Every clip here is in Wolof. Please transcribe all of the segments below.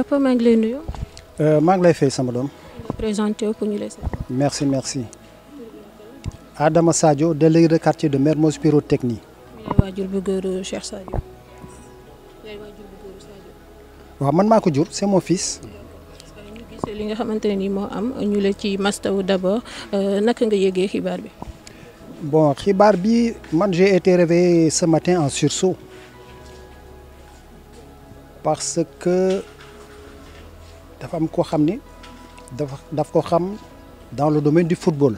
Papa maa ngi lay euh, maa ngi lay fay sama doom. présenté wu merci merci. Adama Sadio délégué de quartier de Mermoz Pyrotechnie. waajur euh, man maako ko jur c'est mon fils. li nga xamante ne nii moo am ñu la ci mastaw d'abord euh, naka nga yëgee xibaar bi. bon xibaar bi man j'ai été réveillé ce matin en sursaut parce que. dafa am koo xam ni dafa daf ko xam dans le domaine du football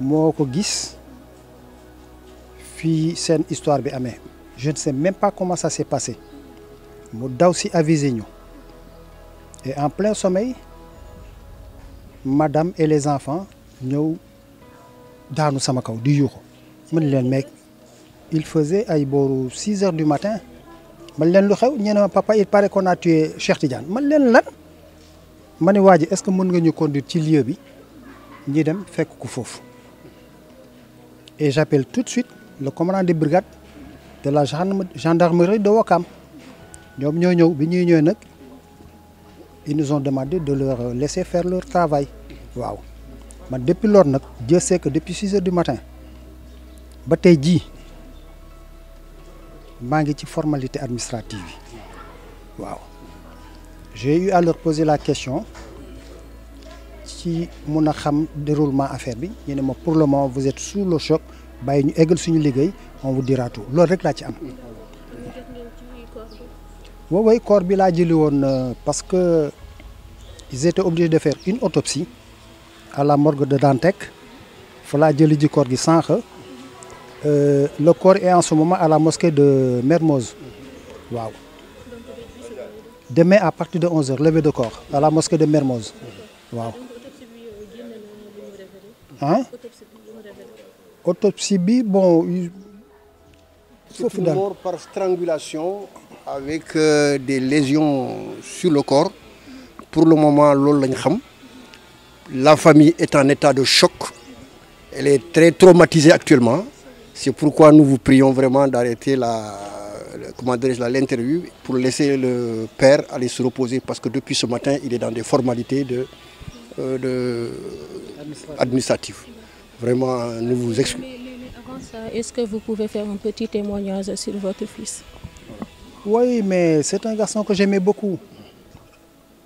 moo ko gis fii seen histoire bi amee je ne sais même pas comment ça s'est passé mu daw si aviser ñu et en plein sommeil madame et les enfants ñëw daanu sama kaw di yuuxu man leen meeg il faisait ay booru six heures du matin man leen lu xew ñu ne ma papa il paraît qu'on a tué Cheikh Tidiane man leen lan ma ne waa ji est-ce que mën nga ñu conduire ci lieu bi ñi dem fekk ko foofu et j'appelle tout de suite le commandant de brigade de la gendarmerie de Wakam ñoom ñoo ñëw bi ñuy ñëw nag ils nous ont demandé de leur laisser faire leur travail waaw man depuis loolu nag je sais que depuis six heures du matin ba tey jii maa ngi ci formalité administrative yi waaw j'ai eu à leur poser la question ci mun a xam déroulement affaire bi ñu ne ma pour le moment vous êtes sous le choc bàyyi ñu eggal suñu liggéey on vous dira tout loolu rek laa ci am. waaw waaye bi laa jëli woon euh, parce que ils étaient obligés de faire une autopsie à la morgue de Dantec fa laa jëli ji corps gi sànq. Euh, le corps est en ce moment à la mosquée de Mermoz. Waouh. Demain à partir de 11h, levée de corps à la mosquée de Mermoz. Autopsie bi bon foofu daal mort par strangulation avec euh, des lésions sur le corps. Pour le moment loolu lañ xam. La famille est en état de choc. Elle est très traumatisée actuellement. C'est pourquoi nous vous prions vraiment d'arrêter la, l'interview pour laisser le père aller se reposer parce que depuis ce matin, il est dans des formalités de, euh, de administratives. Vraiment, nous vous excusons. Est-ce que vous pouvez faire un petit témoignage sur votre fils Oui, mais c'est un garçon que j'aimais beaucoup.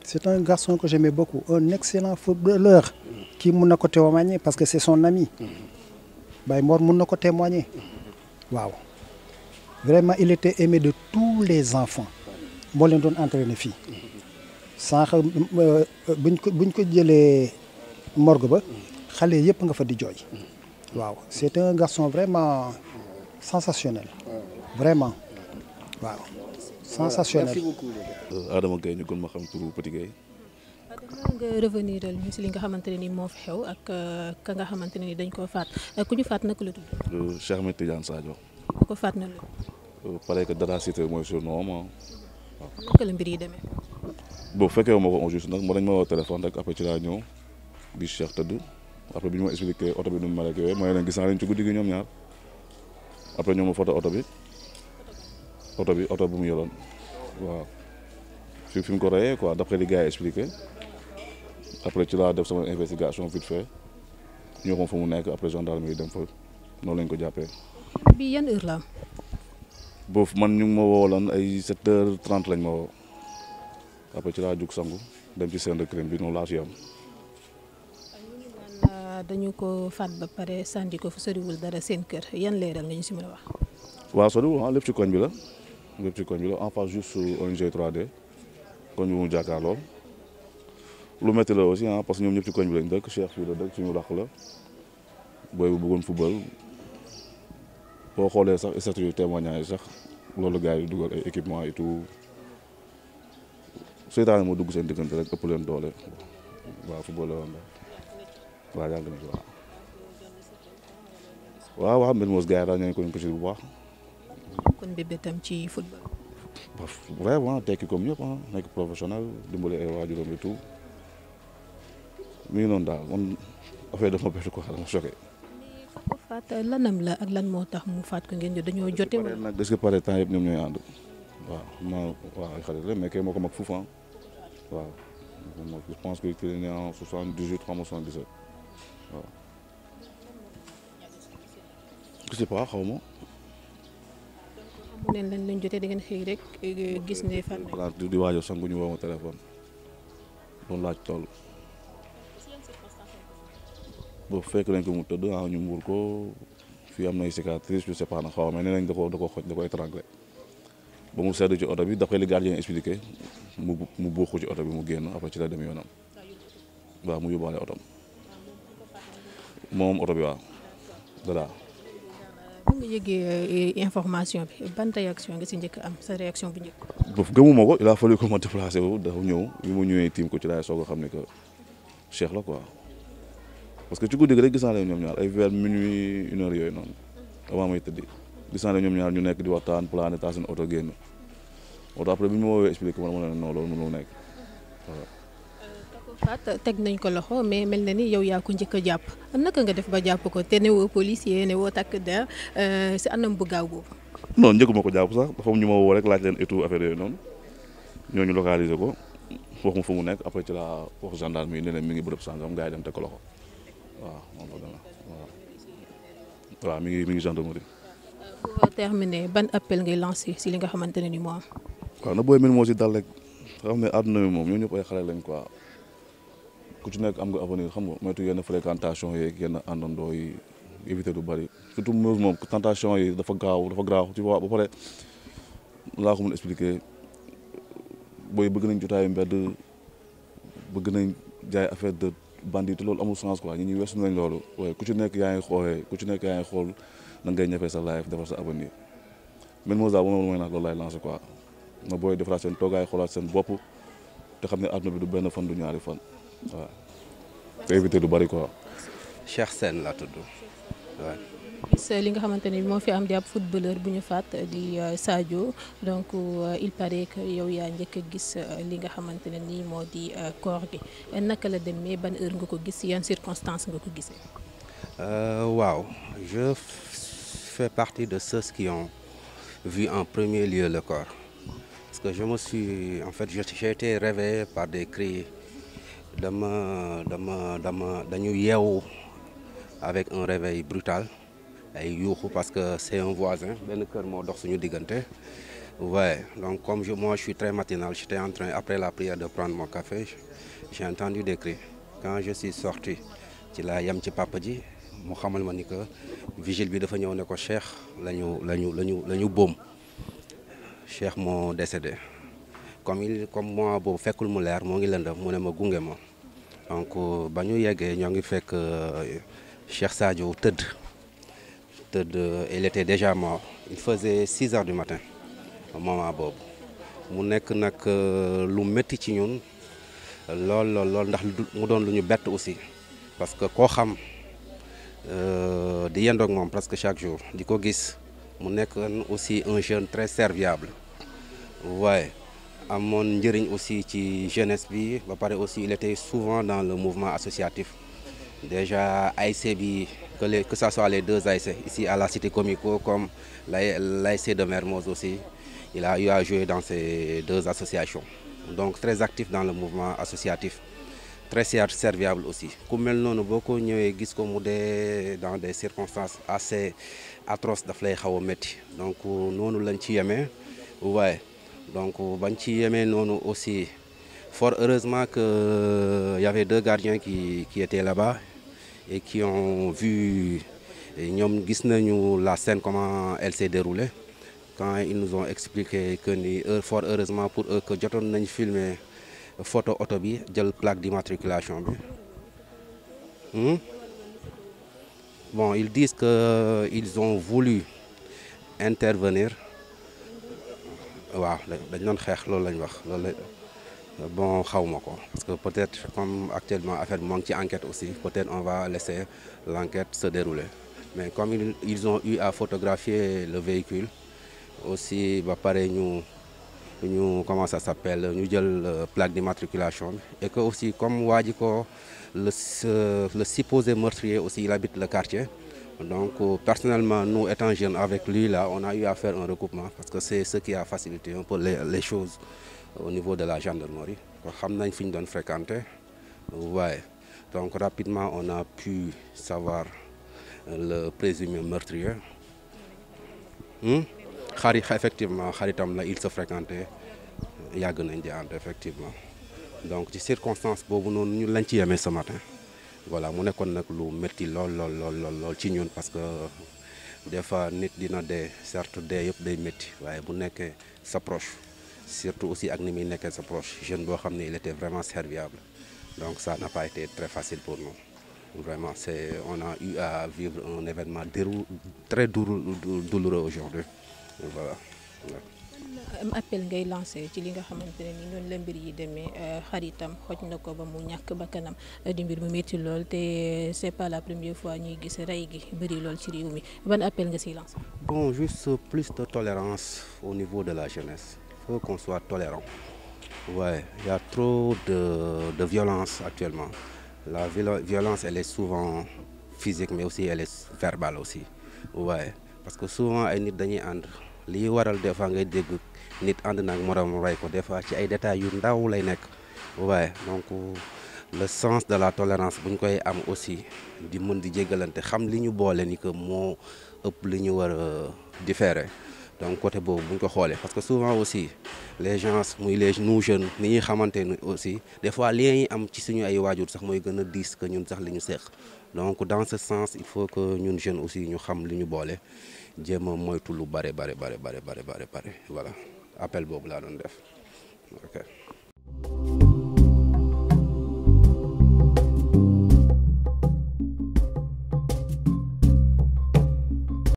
C'est un garçon que j'aimais beaucoup, un excellent footballeur qui m'a côté parce que c'est son ami. Baye moor mun na ko témoigner waaw vraiment il était aimé de tous les enfants moo leen doon entraîné fii sànq euh, buñ ko buñ ko jëlee morgue ba xale yëpp nga fa di jooy waaw c'est un garçon vraiment sensationnel vraiment waaw sensationnel euh, Adama Gaye ñu gën ma xam turu Petit Gaye mën nga revenir ñu si li nga xamante ne ni moo fi xew euh, ka nga xamante ne ni dañ koo faat euh, ku ñu faat naka la tudd. Euh, Cheikh Ahmed Tidiane ko faat na la. pare que dara cité mooy surnom am waaw. naka la mbir yi fekkee ma ko on juste nag ma dañ ma woo téléphone après ci laa ñëw bi Cheikh tëdd après bi ñu ma expliqué oto bi nu mu mel ak yooyu mooy leen gis naa leen ci guddi gi ñoom ñaar après ñoom ma foto oto bi oto bi oto bu mu yoroon waaw fi fi ko reyee quoi d'après li gars yi expliqué. après ci laa def sama investigation vite fait ñoo xam fu mu nekk après gendarme yi dem fa noonu lañ ko jàppee. bi yan heure la am. boofu man ñu ngi ma woowoon ay 7 heures 30 lañ ma woo après ci laa jug sangu dem ci scène de crime bi noonu laa ci am. Ah, dañu ko faat ba pare sànni ko fu soriwul dara seen kër yan leeral nga ñu si mën a wax. waaw soriwul ah ci koñ bi la lépp ci koñ bi la en face juste ONG 3D koñ bi mu jàkkaarloo. lu métti la aussi ah parce que ñoom ñëpp ci koñ bi lañ dëkk Cheikh fii la dëkk suñu raq la booy bu bëggoon football boo xoolee sax statut témoignage sax loolu gars yi dugal ay équipement et tout seytaane moo dugg seen diggante rek ëpp leen doole waaw football la woon la waaw yàgg na ci waaw. waaw waaw mbir moos ko ñu ko ci bu baax. kon bébé tam ci football. vraiment tekki comme ñëpp ah nekk professionnel dimbali ay waajuram et tu mi ngi noonu daal man affaire dafa ma bett ko xanaa lanam la ak lan moo tax mu faat ko ngeen dañoo jote. wala nag est-ce que pare waaw maa waaw ay xarit la mais kay moo ko mag fuuf ah waaw mu ne lan lañ jotee da ngeen xëy rek gis ne. fan di waajal sangu ñu woo ma téléphone doon laaj toll. boobu fekk nañ ko mu tëdd ah ñu muur ko fii am nay cicatrice je sais pas nag xaw ma nee nañ da koo da koo xoj da ko mu sedd ci oto bi d'après li gardien expliqué mu mu buuxu ci oto bi mu génn après ci la dem yoonam waaw mu yóbbaale otom moom oto bi waaw dadaa. bu nga yëgee eh, information bi ban réaction nga si njëkk am sa réaction bu njëkk. boobu gëmuma ko il a fallu que ma déplacé wu dafa ñëw bi mu ñëwee tiim ko ci laay soog a xam ne que Cheikh la quoi. parce que ci guddi gi rek gis naa leen ñoom ñaar ay vers minuit une heure yooyu noonu avant may tëddi gis naa leen ñoom ñaar ñu nekk di waxtaan plané taa seen oto génn oto après ñu ma woowee expliqué man teg nañ ko loxo mais mel na ni yow yaa ko njëkk jàpp naka nga def ba jàpp ko te ne woo policier woo takk der euh, si anam bu gaaw boobu. non njëkkuma ko sax dafa am ñu ma woo rek laaj leen et tout affaire yooyu noonu ñooñu localiser ko wax ma fu mu nekk après ci laa wax gendarme yi ne leen ngi bërëb sàngam gars dem teg ko loxo. waaw moom la demee waaw. waaw mi ngi mi ngi gendarmerie. pour terminer appel ngay lancé si li nga xamante ne ni moo na booy mel moo si dal rek xam ne àdduna bi moom ñoo ñëpp ay xale lañ quoi ku ci nekk am nga avenir xam nga moytu yenn fréquentation yeeg yenn àndandoo yi éviter du bari surtout meuse moom tentation yi dafa gaaw dafa graaw ci ba pare laa ko mën expliquer booy bëgg nañ jotaayu mbedd bëgg nañ jaay affaire de. bandit loolu amul sens quoi ñi ñuy weesu nañ loolu waaye ku ci nekk yaa ngi xoolee ku ci nekk yaa ngi xool na ngay ñafee sa life defar sa avenir man Moussa bu moom mooy nag loolu laay lancé quoi na booy defaraat seen toogaay xoolaat seen bopp te xam ne àdduna bi du benn fan du ñaari fan waaw te éviter bari quoi. Cheikh seen laa tudd gis euh, li nga xamante ne moo fi am di ab footballeur buñu ñu faat euh, di euh, Sadio donc il paraît que yow yaa njëkk a gis li nga xamante ne nii moo di corps gi naka la demee ban heure nga ko gis yan circonstances nga ko gisee. waaw je fais partie de ceux qui ont vu en premier lieu le corps parce que je me suis en fait j'ai été réveillé par des cris dama dama dama dañu yeewu avec un réveil brutal. ay yuuxu parce que c'est un voisin benn kër moo dox suñu diggante waaye donc comme je moi je suis très matinal j'étais en train après la prière de prendre mon café j'ai entendu des cris quand je suis sorti ci laa yem ci papa ji mu xamal ma ni que vigile bi dafa ñëw ne ko Cheikh la ñu la ñu la ñu la ñu boom Cheikh moo décédé comme il comme moi boobu fekkul mu leer moo ngi lëndëm mu ne ma gunge ma donc euh, ba ñu yeggee ñoo ngi fekk euh, Cheikh Sadio tëdd. de, de il était déjà mort il faisait six heures du matin moment boobu mu nekk nag euh, lu métti ci ñun lool lool lool ndax mu doon lu ñu bett aussi parce que koo xam euh, di yendoog moom presque chaque jour di ko gis mu nekk aussi un jeune très serviable waaye amoon njëriñ aussi ci jeunesse bi ba pare aussi il était souvent dans le mouvement associatif déjà ASC bi que, les, que ce soit les deux ASC, ici à la Cité Comico comme l'ASC de Mermoz aussi. Il a eu à jouer dans ces deux associations. Donc très actif dans le mouvement associatif. Très serviable aussi. Comme nous beaucoup dans des circonstances assez atroces de Donc nous ci yeme ouais. Donc nous aussi. Fort heureusement qu'il euh, y avait deux gardiens qui, qui étaient là-bas et qui ont vu, ñoom gis nañu la scène comment elle s'est déroulée quand ils nous ont expliqué que ni fort heureusement pour eux que jotoon nañu filme photo oto bi jël plaque d'immatriculation bi hmm? bon ils disent que ils ont voulu intervenir waaw dañ doon xeex loolu lañu wax loolu la bon xaw ma ko parce que peut-être comme actuellement affaire bi moo ngi ci enquête aussi peut-être on va laisser l'enquête se dérouler mais comme ils ont eu à photographier le véhicule aussi ba pare ñu ñu comment ça s'appelle ñu jël euh, plaque d'immatriculation bi et que aussi comme waa ji ko le le supposé meurtrier aussi il habite le quartier donc euh, personnellement nous étant jeunes avec lui là on a eu à faire un recoupement parce que c'est ce qui a facilité un les chos choses au niveau de la gendarmerie. Nous savons qu'ils doon fréquenté. Vous voyez. Donc rapidement, on a pu savoir euh, le présumé meurtrier. Hmm? xaritam la il se fréquentait. Il y a effectivement. donc ci circonstance boobu noonu ñu lañ ci yemee ce matin voilà mu nekkoon nag lu métti lool lool lool ci ñun parce que des fois nit dina dee certes dee yëpp day métti waaye bu nekkee sa proche surtout aussi ak ni muy nekkee sa proche jeune boo xam ne il était vraiment serviable donc ça n'a pas été très facile pour nous vraiment c'est on a eu à vivre un événement dérou très douloureux aujourd'hui voilà am appel ngay lancé ci li nga xamante ne ni noonu la mbir yi demee euh, xaritam xoj na ko ba mu ñàkk kanam euh, di mbir mu métti lool te c'est pas la première fois ñuy gis rey gi bëri lool ci réew mi ban appel nga siy lancé bon juste plus de tolérance au niveau de la jeunesse faut qu'on soit tolérant. Ouais, a trop de, de violence actuellement. La violence, elle est souvent physique, mais aussi elle verbale aussi. waaye parce que souvent, ay nit dañuy ànd lii waral des fois ngay dégg nit ànd naag moroom rey ko des fois ci ay détails yu ndaw lay nekk. waaye donc le sens de la tolérance bu ñu koy am aussi di mun di jéggalante xam li ñu boole ni que moo ëpp li ñu war a différer. donc côté boobu bu ñu ko xoolee parce que souvent aussi les gens muy les nous jeunes ni ñuy xamante ne aussi des fois yi am ci suñu ay waajur sax mooy gën a diis que ñun sax li ñu seex donc dans ce sens il faut que ñun jeune aussi ñu xam li ñu boole jéem a moytu lu bare bare bare bare bare bare bare voilà appel boobu laa doon def